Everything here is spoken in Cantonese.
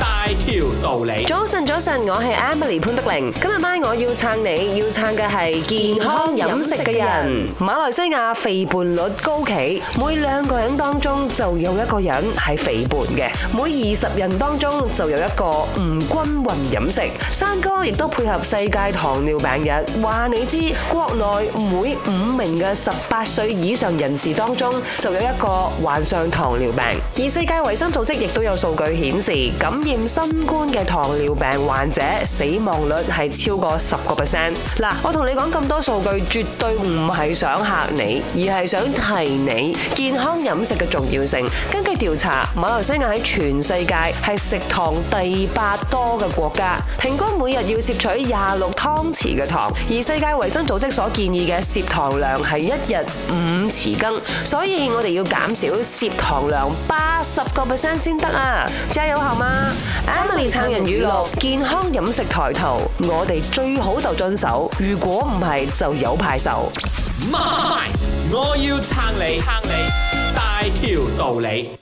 大條道理，早晨，早晨，我係 Emily 潘德玲。今日班我要撐你，要撐嘅係健康飲食嘅人。人馬來西亞肥胖率高企，每兩個人當中就有一個人係肥胖嘅，每二十人當中就有一個唔均勻飲食。三哥亦都配合世界糖尿病日，話你知，國內每五名嘅十八歲以上人士當中就有一個患上糖尿病。而世界衛生組織亦都有數據顯示，咁。染新冠嘅糖尿病患者死亡率係超過十個 percent。嗱，我同你講咁多數據，絕對唔係想嚇你，而係想提你健康飲食嘅重要性。根據調查，馬來西亞喺全世界係食糖第八多嘅國家，平均每日要攝取廿六湯匙嘅糖，而世界衛生組織所建議嘅攝糖量係一日五匙羹，所以我哋要減少攝糖量八十個 percent 先得啊！加油，行嘛？Emily 撐人語錄：健康飲食抬頭，我哋最好就遵守，如果唔係就有派手。媽咪，我要撐你，撐你大條道理。